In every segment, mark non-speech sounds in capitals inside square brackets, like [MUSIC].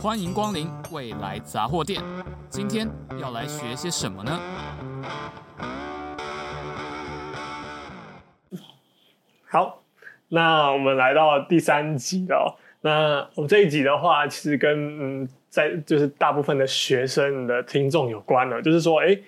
歡迎光臨未來雜貨店。今天要來學些什麼呢？好，那我們來到第三集了哦。那我們這一集的話，其實跟嗯，在就是大部分的學生的聽眾有關了。就是說，哎，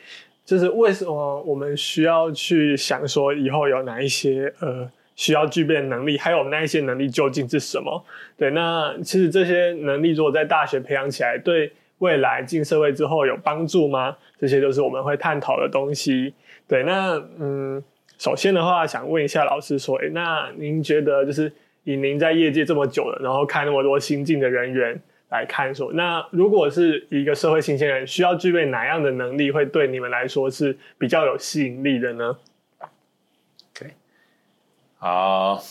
就是為什麼我們需要去想說以後有哪一些呃？需要具備的能力，還有我們那一些能力究竟是什麼？對，那其實這些能力如果在大學培養起來，對未來進社會之後有幫助嗎？這些都是我們會探討的東西。對，那嗯，首先的話，想問一下老師說，欸，那您覺得就是以您在業界這麼久了，然後看那麼多新進的人員來看說，那如果是一個社會新鮮人，需要具備哪樣的能力，會對你們來說是比較有吸引力的呢？啊、呃，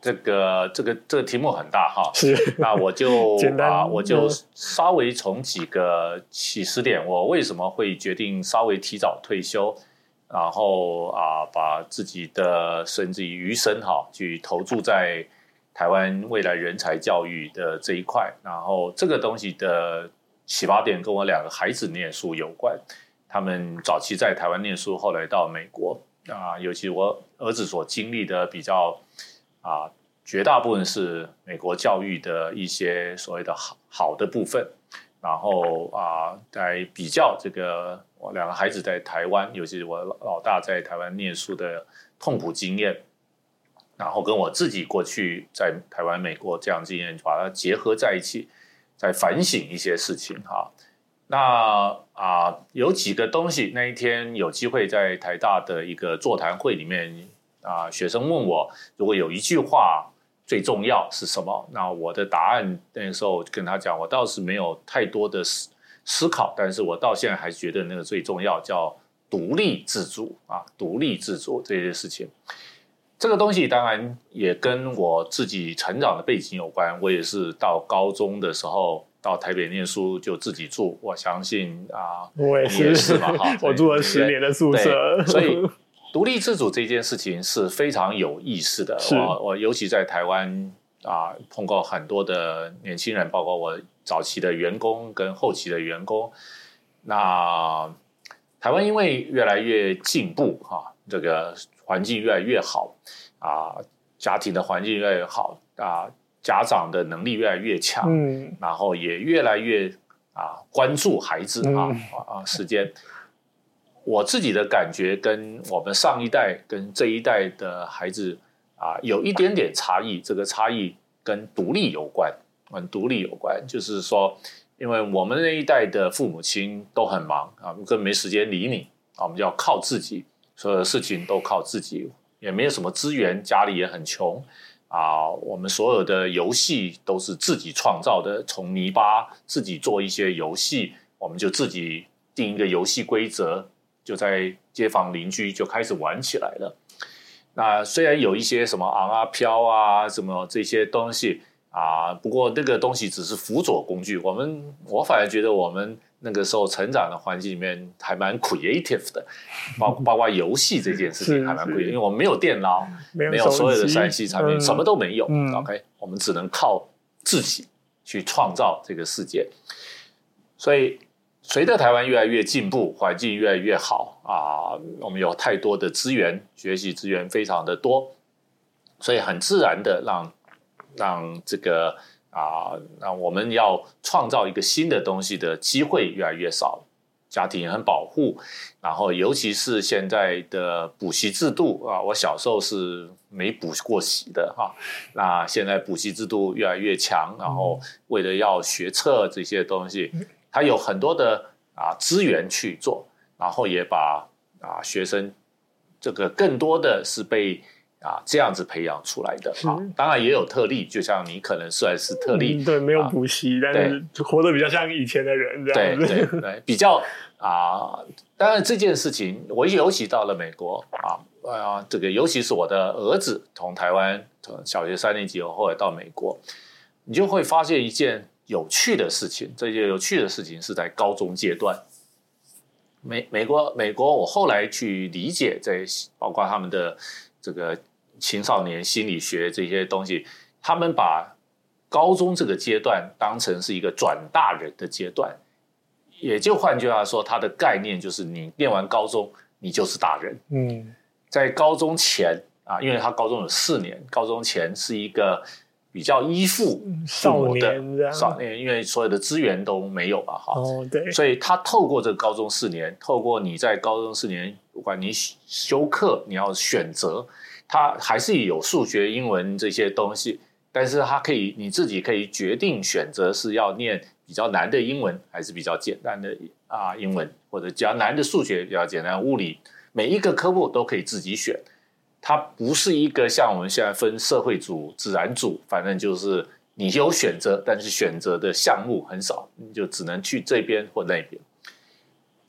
這個這個這個題目很大哈，是那我就啊，我就稍微從幾個起始點，我為什麼會決定稍微提早退休，然後啊，把自己的甚至於餘生哈，去投注在台灣未來人才教育的這一塊，然後這個東西的啟發點跟我兩個孩子念書有關，他們早期在台灣念書，後來到美國。啊，尤其我兒子所經歷的比較，啊，絕大部分是美國教育的一些所謂的好好的部分，然後啊，再比較這個我兩個孩子在台灣，尤其是我老大在台灣念書的痛苦經驗，然後跟我自己過去在台灣、美國這樣經驗，把它結合在一起，再反省一些事情哈。啊那啊，有幾個東西，那一天有機會在台大的一個座談會裡面啊，學生問我，如果有一句話最重要是什麼？那我的答案，那時候我跟他講，我倒是沒有太多的思思考，但是我到現在還是覺得那個最重要叫獨立自主啊，獨立自主這些事情。這個東西當然也跟我自己成長的背景有關，我也是到高中的時候。到台北念書就自己住，我相信啊，我也是，也是嘛，是是哈，我住了十年的宿舍，所以獨 [LAUGHS] 立自主這件事情是非常有意思的。是，我，我尤其在台灣啊，碰過很多的年輕人，包括我早期的員工跟後期的員工。那台灣因為越來越進步哈、啊，這個環境越來越好啊，家庭的環境越來越好啊。家長的能力越來越強，嗯、然後也越來越啊關注孩子、嗯、啊啊時間。我自己的感覺跟我們上一代跟這一代的孩子啊有一點點差異，這個差異跟獨立有關，嗯，獨立有關，就是說，因為我們那一代的父母親都很忙啊，跟沒時間理你啊，我們就要靠自己，所有的事情都靠自己，也沒有什麼資源，家裡也很窮。啊，我們所有的遊戲都是自己創造的，從泥巴自己做一些遊戲，我們就自己定一個遊戲規則，就在街坊鄰居就開始玩起來了。那雖然有一些什麼昂啊、飄啊什麼這些東西啊，不過那個東西只是輔佐工具。我們我反而覺得我們。那個時候成長的環境裡面還蠻 creative 的，包括包括遊戲這件事情還蠻 creative， [LAUGHS] 因為我們沒有電腦，沒有，沒有所有的三 C 產品，什麼都沒有、嗯。OK，我們只能靠自己去創造這個世界。所以隨着台灣越來越進步，環境越來越好啊，我們有太多的資源，學習資源非常的多，所以很自然的讓讓這個。啊，那我們要創造一個新的東西的機會越來越少，家庭也很保護，然後尤其是現在的補習制度啊，我小時候是沒補過習的哈，啊，那現在補習制度越來越強，然後為了要學測這些東西，他有很多的啊資源去做，然後也把啊學生這個更多的是被。啊，這樣子培養出來的、啊嗯，當然也有特例，就像你可能算是特例，嗯、對，沒有補習、啊，但是活得比較像以前的人這樣。對對對，比較啊，當然這件事情，我尤其到了美國啊，呃、啊，這個尤其是我的兒子從台灣從小學三年級，我後來到美國，你就會發現一件有趣的事情，這些有趣的事情是在高中階段。美美國美國，美國我後來去理解，這，包括他們的這個。青少年心理學這些東西，他們把高中這個階段當成是一個轉大人的階段，也就換句話說，他的概念就是你念完高中，你就是大人。嗯，在高中前啊，因為他高中有四年，高中前是一個比較依附少年，少年因為所有的資源都沒有吧，哈、哦。對。所以他透過這個高中四年，透過你在高中四年，不管你修課，你要選擇。它還是有數學、英文這些東西，但是它可以你自己可以決定選擇是要念比較難的英文，還是比較簡單的啊英文，或者比較難的數學，比較簡單物理，每一個科目都可以自己選。它不是一個像我們現在分社會組、自然組，反正就是你有選擇，但是選擇的項目很少，你就只能去這邊或那邊。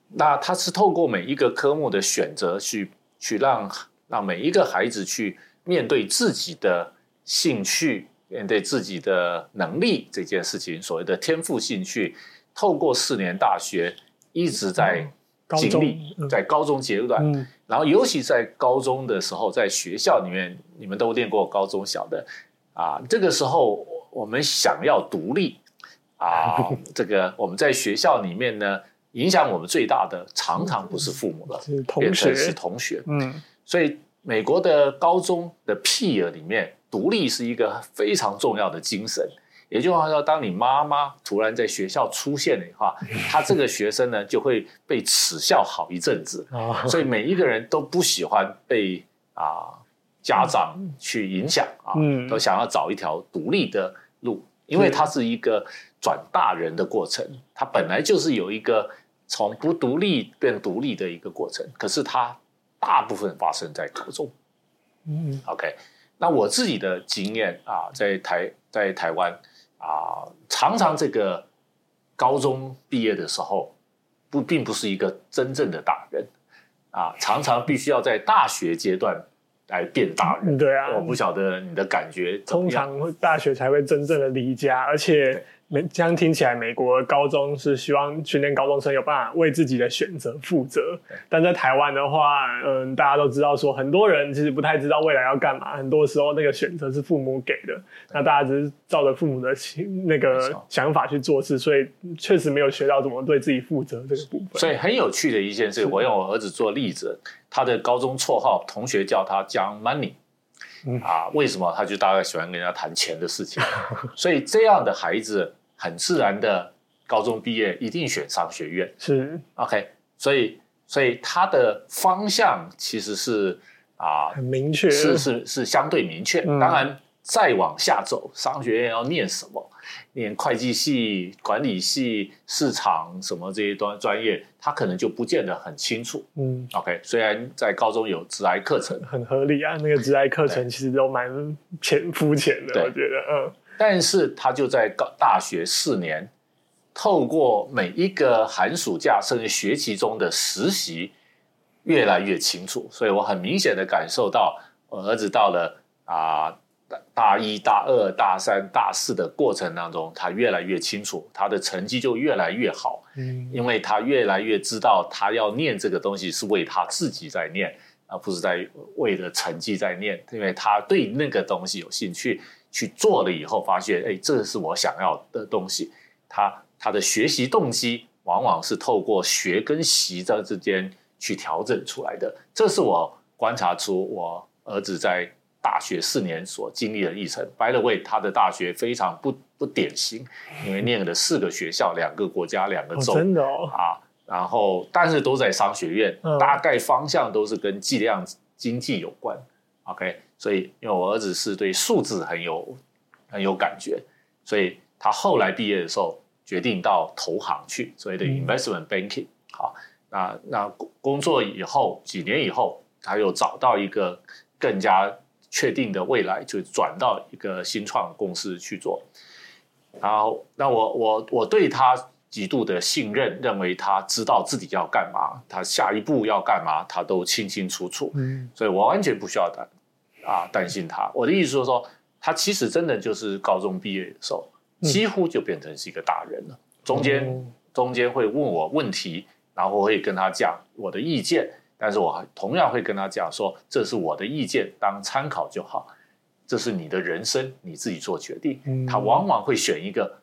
那它是透過每一個科目的選擇去去讓。讓每一個孩子去面對自己的興趣，面對自己的能力這件事情，所謂的天賦興趣，透過四年大學一直在經歷，高中嗯、在高中階段、嗯嗯，然後尤其在高中的時候，在學校裡面，你們都念過高中小的啊，這個時候我們想要獨立啊、嗯，這個我們在學校裡面呢，影響我們最大的，常常不是父母了、嗯，變成是同學，嗯。所以，美國的高中的 peer 裡面，獨立是一個非常重要的精神。也就是說，當你媽媽突然在學校出現的話， [LAUGHS] 他這個學生呢就會被恥笑好一陣子。 [LAUGHS] 所以，每一個人都不喜歡被啊家長去影響啊、嗯，都想要找一條獨立的路，嗯、因為它是一個轉大人的過程，它、嗯、本來就是有一個從不獨立變獨立的一個過程。可是他。大部分發生在高中，嗯，OK，那我自己的經驗啊，在台在台灣啊，常常這個高中畢業的時候不，不並不是一個真正的大人，啊，常常必須要在大學階段來變大人。嗯、對啊，我不曉得你的感覺怎麼樣？通常大學才會真正的離家，而且。這樣聽起來，美國高中是希望訓練高中生有辦法為自己的選擇負責。但在台灣的話，嗯，大家都知道說，很多人其實不太知道未來要幹嘛。很多時候，那個選擇是父母給的，那大家只是照着父母的那那個想法去做事，所以確實沒有學到怎麼對自己負責這個部分。所以很有趣的一件事，我用我兒子做例子，他的高中綽號，同學叫他「John Money」，啊，為什麼？他就大概喜歡跟人家談錢的事情，所以這樣的孩子。 [LAUGHS] 很自然的，高中畢業一定選商學院是、嗯、OK，所以所以它的方向其實是啊、呃、很明確是是是相對明確、嗯，當然再往下走，商學院要念什麼，念會計系、管理系、市場什麼這些專專業，它可能就不見得很清楚。嗯，OK，雖然在高中有職涯課程、嗯、很合理啊，那個職涯課程其實都蠻淺膚淺的，我覺得嗯。但是他就在高大學四年，透過每一個寒暑假，甚至學期中的實習，越來越清楚。所以我很明顯的感受到，我兒子到了啊大、呃、大一大二大三大四的過程當中，他越來越清楚，他的成績就越來越好。嗯，因為他越來越知道，他要念這個東西是為他自己在念，而不是在為了成績在念，因為他對那個東西有興趣。去做了以後發現，哎，這是我想要的東西。他他的學習動機往往是透過學跟習的之間去調整出來的。這是我觀察出我兒子在大學四年所經歷的歷程。By the way，他的大學非常不不典型，因為念了四個學校，兩個國家，兩個州、哦真的哦、啊，然後但是都在商學院、嗯，大概方向都是跟計量經濟有關。嗯、OK。所以，因為我兒子是對數字很有很有感覺，所以他後來畢業的時候決定到投行去所謂的，investment banking。好，那那工工作以後幾年以後，他又找到一個更加確定的未來，就轉到一個新創公司去做。然後，那我我我對他極度的信任，認為他知道自己要幹嘛，他下一步要幹嘛，他都清清楚楚。嗯，所以我完全不需要他，啊，擔心他。我的意思是說，他其實真的就是高中畢業的時候，幾乎就變成是一個大人了。嗯、中間中間會問我問題，然後我會跟他講我的意見，但是我還同樣會跟他講說，這是我的意見，當參考就好。這是你的人生，你自己做決定。嗯、他往往會選一個。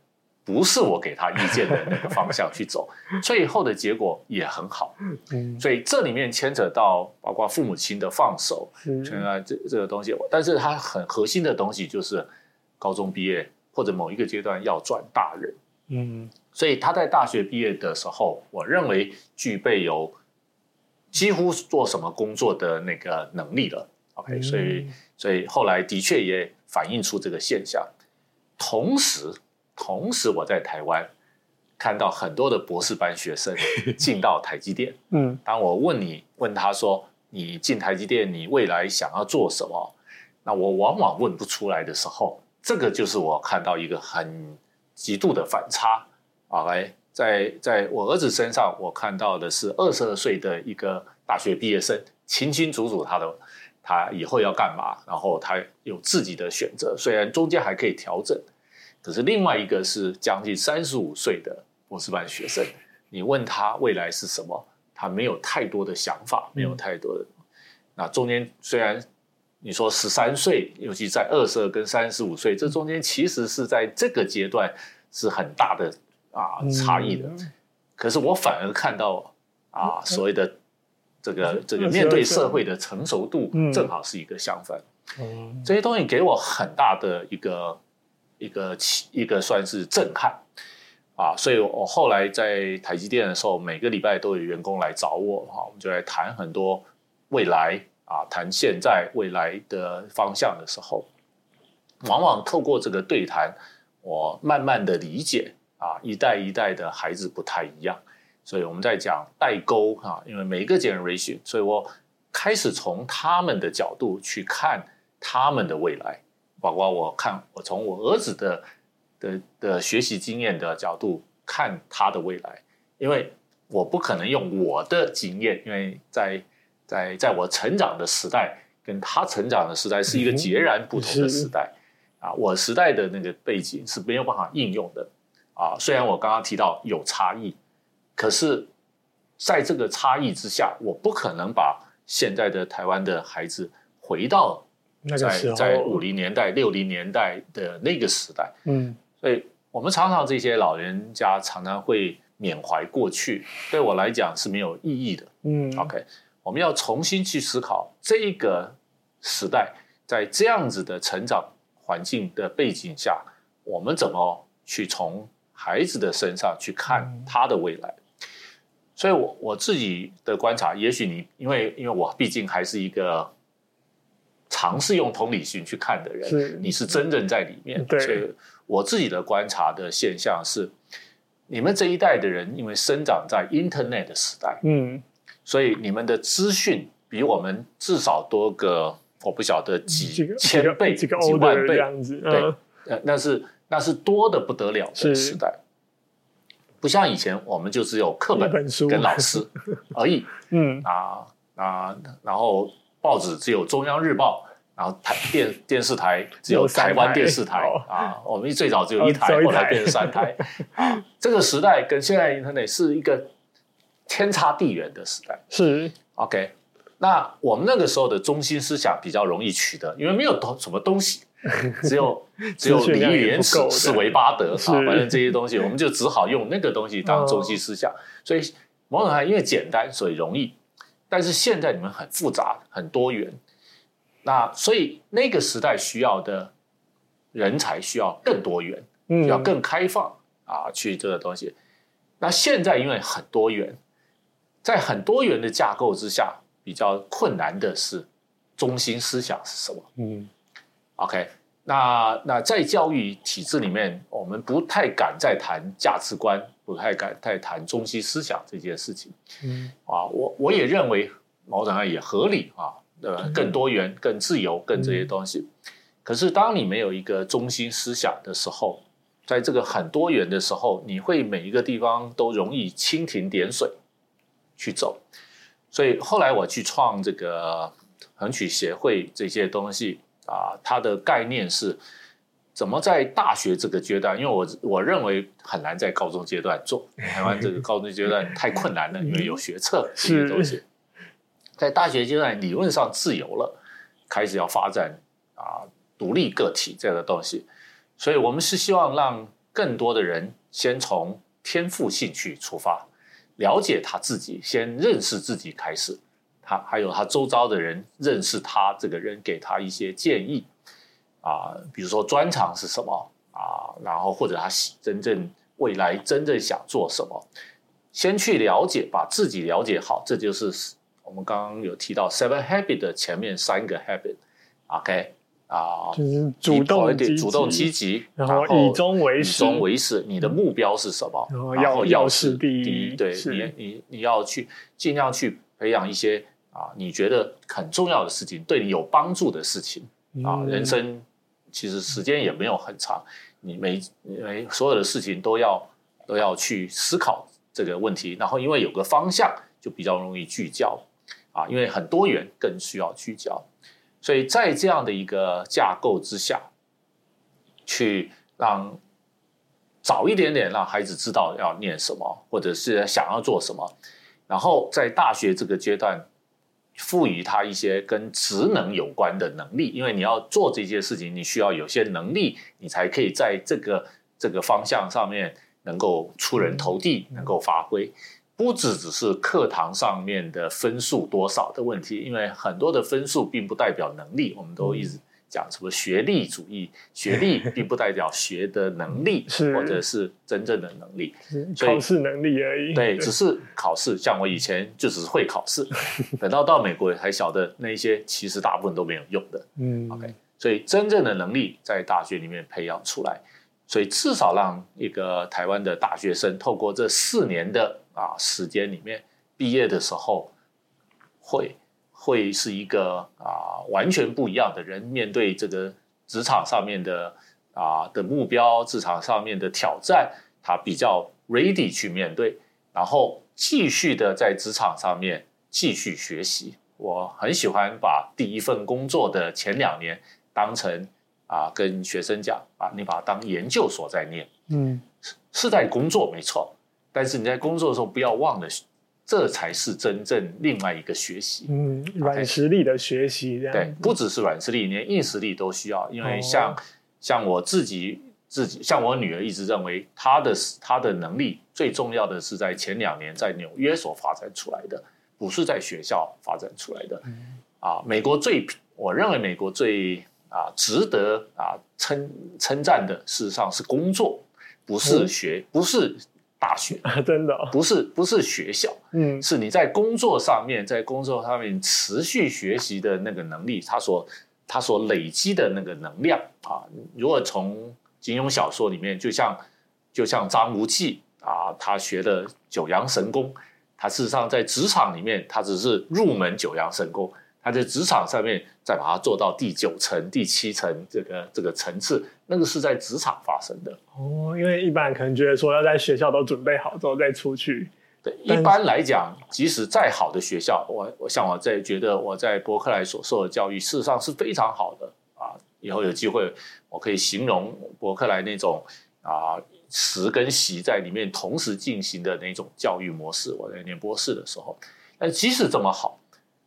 不是我給他意見的那個方向去走， [LAUGHS] 最後的結果也很好，嗯，所以這裡面牽扯到包括父母親的放手，嗯，在這、嗯、這個東西，但是他很核心的東西就是高中畢業或者某一個階段要轉大人，嗯，所以他在大學畢業的時候，我認為具備有幾乎做什麼工作的那個能力了、嗯、，OK，所以所以後來的確也反映出這個現象，同時。同時，我在台灣看到很多的博士班學生進到台積電。 [LAUGHS] 嗯，當我問你問他說：“你進台積電，你未來想要做什麼？”那我往往問不出來的時候，這個就是我看到一個很極度的反差啊！來，在在我兒子身上，我看到的是二十二歲的一個大學畢業生，清清楚楚他的他以後要幹嘛，然後他有自己的選擇，雖然中間還可以調整。可是另外一個是將近三十五歲的博士班學生，你問他未來是什麼，他沒有太多的想法，嗯、沒有太多的。那中間雖然你說十三歲、嗯，尤其在二十二跟三十五歲這中間，其實是在這個階段是很大的啊差異的、嗯。可是我反而看到啊所謂的這個這個面對社會的成熟度，正好是一個相反、嗯。嗯，這些東西給我很大的一個。一個奇，一個算是震撼啊，所以我後來在台積電的時候，每個禮拜都有員工來找我哈，我們就來談很多未來啊，談現在未來的方向的時候，往往透過這個對談，我慢慢的理解啊，一代一代的孩子不太一樣，所以我們在講代溝哈、啊，因為每一個 generation，所以我開始從他們的角度去看他們的未來。包括我看，我從我兒子的的的學習經驗的角度看他的未來，因為我不可能用我的經驗，因為在在在我成長的時代，跟他成長的時代是一個截然不同的時代、嗯、啊，我時代的那個背景是沒有辦法應用的啊。雖然我剛剛提到有差異，可是在這個差異之下，我不可能把現在的台灣的孩子回到。那個、在在五零年代、六零年代的那個時代，嗯，所以我們常常這些老人家常常會緬懷過去，對我來講是沒有意義的，嗯，OK，我們要重新去思考這個時代在這樣子的成長環境的背景下，我們怎麼去從孩子的身上去看他的未來？嗯、所以我我自己的觀察，也許你因為因為我畢竟還是一個。嘗試用同理心去看的人，你是真正在裡面、嗯。對，所以我自己的觀察的現象是，你們這一代的人，因為生長在 Internet 的時代，嗯，所以你們的資訊比我們至少多個，我不曉得幾千倍、幾，幾，幾萬倍、嗯、對、呃，那是那是多的不得了的時代，不像以前，我們就只有課本、跟老師而已。 [LAUGHS] 嗯，啊啊，然後。報紙只有中央日報，然後台電電視台只有台灣電視台，台啊，哦、我們最早只有一台，哦、一台後來變成三台啊。 [LAUGHS] 這個時代跟現在 Internet 是一個天差地遠的時代，是 OK。那我們那個時候的中心思想比較容易取得，因為沒有東什麼東西，只有只有禮義廉恥、四維八德啊，反正這些東西，我們就只好用那個東西當中心思想。哦、所以某種還因為簡單，所以容易。但是現在你們很複雜，很多元，那所以那個時代需要的人才需要更多元，嗯，要更開放、嗯、啊，去做這個東西。那現在因為很多元，在很多元的架構之下，比較困難的是中心思想是什麼？嗯，OK。那那在教育體制裡面，我們不太敢再談價值觀，不太敢再談中心思想這件事情。嗯，啊，我我也認為毛展案也合理啊，呃，更多元、更自由、更這些東西。嗯、可是，當你沒有一個中心思想的時候，在這個很多元的時候，你會每一個地方都容易蜻蜓點水去走。所以後來我去創這個橫渠協會這些東西。啊，它的概念是怎麼在大學這個階段？因為我我認為很難在高中階段做，台灣這個高中階段太困難了， [LAUGHS] 因為有學測這些東西。 [LAUGHS] 在大學階段理論上自由了，開始要發展啊，獨立個體這個東西。所以我們是希望讓更多的人先從天賦興趣出發，了解他自己，先認識自己開始。他還有他周遭的人認識他這個人，給他一些建議啊、呃，比如說專長是什麼啊、呃，然後或者他真正未來真正想做什麼，先去了解，把自己了解好，這就是我們剛剛有提到 seven habit 的前面三個 habit，OK，、okay? 啊、呃，就是、主動積極，主動積極，然後以終為始，以終為始，你的目標是什麼？然後要事第一，然後要事第一，對你，你你要去儘量去培養一些。啊，你覺得很重要的事情，對你有幫助的事情啊，人生其實時間也沒有很長，你每每所有的事情都要都要去思考這個問題，然後因為有個方向，就比較容易聚焦啊，因為很多元更需要聚焦，所以在這樣的一個架構之下，去讓早一點點讓孩子知道要念什麼，或者是想要做什麼，然後在大學這個階段。賦予他一些跟職能有關的能力，因為你要做這些事情，你需要有些能力，你才可以在這個這個方向上面能夠出人頭地，嗯，能夠發揮。不只只是課堂上面的分數多少的問題，因為很多的分數並不代表能力，我們都一直。講什麼學歷主義？學歷並不代表學的能力， [LAUGHS] 或者是真正的能力，是所以考試能力而已。對， [LAUGHS] 只是考試。像我以前就只是會考試，等到到美國才曉得那一些其實大部分都沒有用的。嗯 [LAUGHS] ，OK。所以真正的能力在大學裡面培養出來，所以至少讓一個台灣的大學生透過這四年的啊時間裡面畢業的時候會。會是一個啊、呃、完全不一樣的人，面對這個職場上面的啊、呃、的目標，職場上面的挑戰，他比較 ready 去面對，然後繼續的在職場上面繼續學習。我很喜歡把第一份工作的前兩年當成啊、呃，跟學生講啊，把你把它當研究所在念，嗯，是在工作沒錯，但是你在工作的時候不要忘了。這才是真正另外一個學習，嗯，軟實力的學習。對，不只是軟實力，連硬實力都需要。因為像、哦、像我自己自己，像我女兒一直認為，她的、她的能力最重要的是在前兩年在紐約所發展出來的，不是在學校發展出來的。嗯，啊，美國最我認為美國最啊值得啊稱、稱讚的，事實上是工作，不是學，嗯、不是。大學啊，真的不是不是學校，嗯，是你在工作上面，在工作上面持續學習的那個能力，他所他所累積的那個能量啊。如果從金庸小說裡面，就像就像張無忌啊，他學的九陽神功，他事實上在職場裡面，他只是入門九陽神功，他在職場上面再把它做到第九層、第七層這個這個層次。那個是在職場發生的哦，因為一般人可能覺得說要在學校都準備好之後再出去。對，一般來講，即使再好的學校，我我像我在覺得我在伯克萊所受的教育，事實上是非常好的啊。以後有機會，我可以形容伯克萊那種啊，識跟習在裡面同時進行的那種教育模式。我在念博士的時候，但即使這麼好，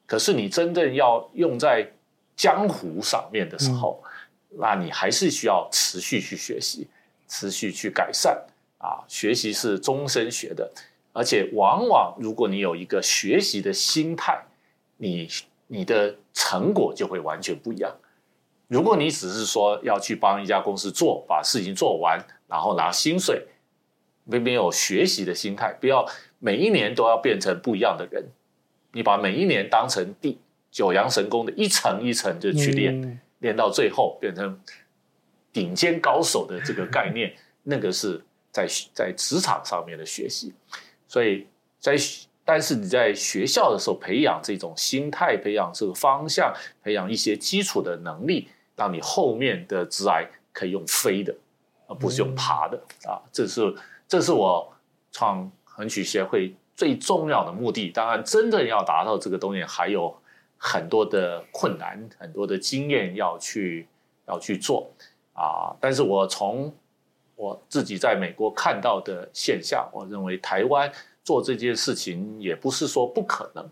可是你真正要用在江湖上面的時候。嗯那你還是需要持續去學習，持續去改善啊！學習是終身學的，而且往往如果你有一個學習的心態，你你的成果就會完全不一樣。如果你只是說要去幫一家公司做，把事情做完，然後拿薪水，沒有學習的心態，不要每一年都要變成不一樣的人。你把每一年當成第九陽神功的一層一層就去練。嗯練到最後變成頂尖高手的這個概念，那個是在在職場上面的學習，所以在但是你在學校的時候培養這種心態，培養這個方向，培養一些基礎的能力，讓你後面的職涯可以用飛的，而不是用爬的啊！這是這是我創橫渠協會最重要的目的。當然，真正要達到這個東西，還有。很多的困難，很多的經驗要去要去做啊！但是我從我自己在美國看到的現象，我認為台灣做這件事情也不是說不可能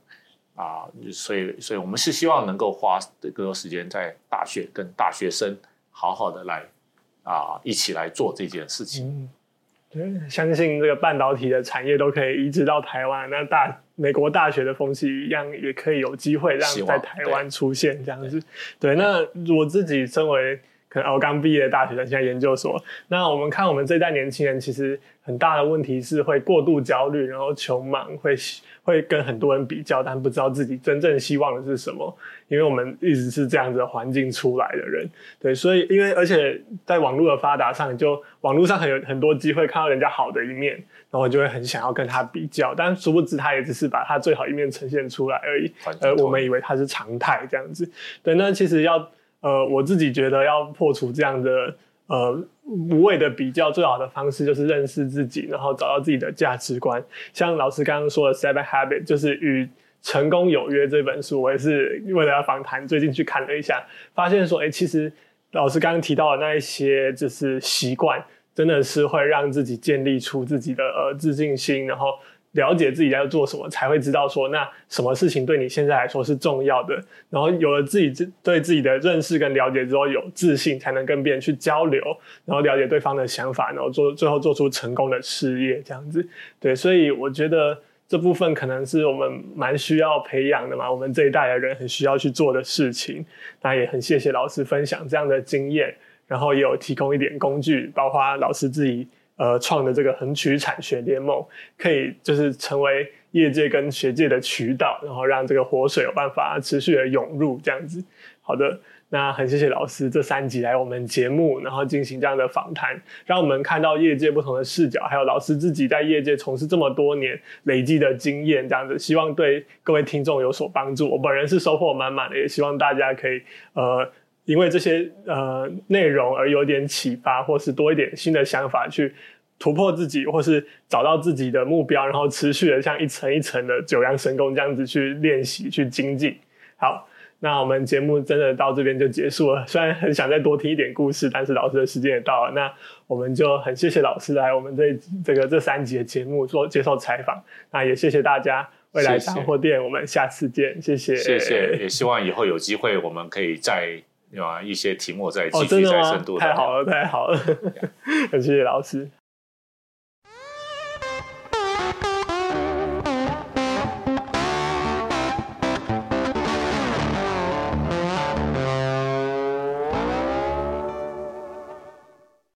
啊，所以，所以我們是希望能夠花更多時間在大學跟大學生好好的來啊，一起來做這件事情。嗯。對，相信這個半導體的產業都可以移植到台灣，那大美國大學的風氣一樣也可以有機會讓在台灣出現這樣子。對，那我自己身為。可能我剛畢業的大學生，現在研究所。那我們看，我們這一代年輕人其實很大的問題是會過度焦慮，然後窮忙，會會跟很多人比較，但不知道自己真正希望的是什麼。因為我們一直是這樣子的環境出來的人，對，所以因為而且在網絡的發達上，就網絡上很有很多機會看到人家好的一面，然後就會很想要跟他比較，但殊不知他也只是把他最好一面呈現出來而已，而我們以為他是常態這樣子。對，那其實要。呃，我自己覺得要破除這樣的呃無謂的比較，最好的方式就是認識自己，然後找到自己的價值觀。像老師剛剛說的，《Seven Habits》就是與成功有約這本書，我也是為了要訪談，最近去看了一下，發現說，誒，其實老師剛剛提到的那一些就是習慣，真的是會讓自己建立出自己的呃自信心，然後。了解自己要做什麼，才會知道說那什麼事情對你現在來說是重要的。然後有了自己對自己的認識跟了解之後，有自信才能跟別人去交流，然後了解對方的想法，然後做最後做出成功的事業這樣子。對，所以我覺得這部分可能是我們蠻需要培養的嘛，我們這一代的人很需要去做的事情。那也很謝謝老師分享這樣的經驗，然後也有提供一點工具，包括老師自己。呃，創的這個橫渠產學聯盟，可以就是成為業界跟學界的渠道，然後讓這個活水有辦法持續的湧入這樣子。好的，那很謝謝老師這三集來我們節目，然後進行這樣的訪談，讓我們看到業界不同的視角，還有老師自己在業界從事這麼多年累積的經驗這樣子，希望對各位聽眾有所幫助。我本人是收穫滿滿的，也希望大家可以呃，因為這些呃內容而有點啟發，或是多一點新的想法去突破自己，或是找到自己的目標，然後持續的像一層一層的九陽神功這樣子去練習、去精進。好，那我們節目真的到這邊就結束了。雖然很想再多聽一點故事，但是老師的時間也到了。那我們就很謝謝老師來我們這這個這三集的節目做接受採訪。那也謝謝大家，未來大貨店謝謝，我們下次見，謝謝。謝謝，也希望以後有機會我們可以再。有啊，一些題目在繼續在深度的、哦、的太好了，太好了，yeah. [LAUGHS] 謝謝老師。